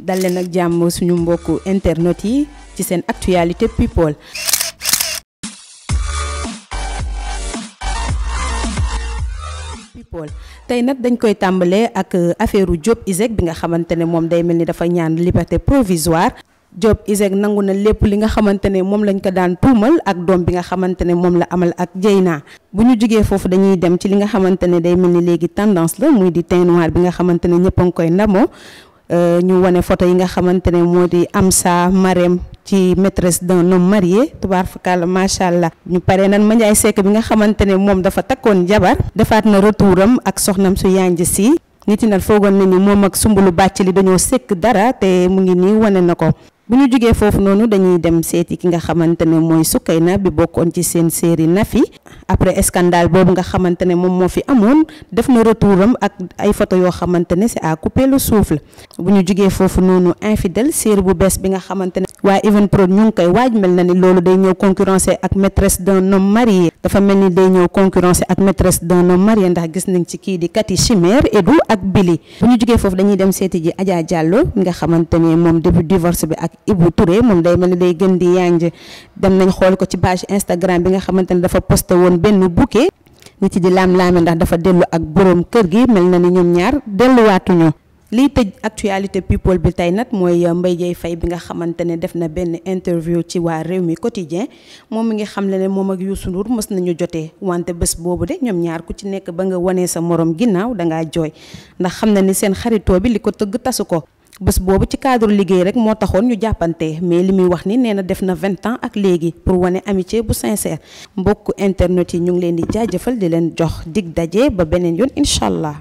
dal leen ak jàmm suñu mbokku internet yi ci seen actualité people. people tey nag dañ koy tàmbalee ak euh, affaire Diop ISEG bi nga xamante ne moom day mel ni dafa ñaan liberté provisoire. Diop ISEG nangu na lépp li nga xamante ne moom lañ ko daan tuumal ak doom bi nga xamante ne moom la amal ak Dieyna bu ñu jógee foofu dañuy dem ci li nga xamante ne day mel ni léegi tendance la muy di teint noir bi nga xamante ne ñëpp a ngi koy ndamoo Euh, ñu wane photo yi nga xamante ne moo di Amsa Marème ci maîtresse d'un homme marié tubaar fakal macha allah ñu pare nan ma Njaay Sekk bi nga xamante ne moom dafa takkoon jabar defaat na retouram ak soxnam su yanj si nit ñi nag foogoon na ni moom ak sumbulu bàcc li dañoo sekk dara te mu ngi nii wane na ko bu ñu jugee foofu noonu dañuy dem seeti ki nga xamante ne mooy na bi bokkoon ci seen série Nafi après scandale boobu nga xamante ne moom moo fi amoon def na retouram ak ay photo yoo xamante ne c'est à couper le souffle bu ñu jugee foofu noonu infidèle série bu bees bi nga xamante ne waaye Evenprod ñu ngi koy waaj mel na ni loolu day ñëw concurrencer ak maîtresse d'un homme marié dafa mel ni day ñëw concurrencer ak maîtresse d'un homme marié ndax gis nañ ci kii di Cathy Chimère Edu ak Billy bu ñu jugee foofu dañuy dem seeti ji Adja Diallo nga xamante ne moom depuis divorce bi ak Ibou Touré moom day mel ni day gën di yànj dem ko ci page Instagram bi nga xamante benn bouquet nit yi di laam-laame ndax dafa dellu ak borom kër gi mel na ni ñoom ñaar delluwaatuñu liy tëj actualité people bi tey nag mooy euh, Mbaye Dieye Faye bi nga xamante ne def na benn interview ci waa réew mi quotidien moom mi ngi xam le ne moom ak Youssou Ndour mës nañu jotee wante bés boobu de ñoom ñaar ku ci nekk ba nga wanee sa moroom ginnaaw dangaa jooy ndax xam na ni seen xaritoo bi li ko tëgg tasu ko bés boobu ci cadre liggéey rek moo taxoon ñu jàppante mais li muy wax ni nee na def na vingt ans ak léegi pour wane amitié bu sincère mbokk internet yi ñu ngi leen di jaajëfal di leen jox dig daje ba beneen yoon incha allah.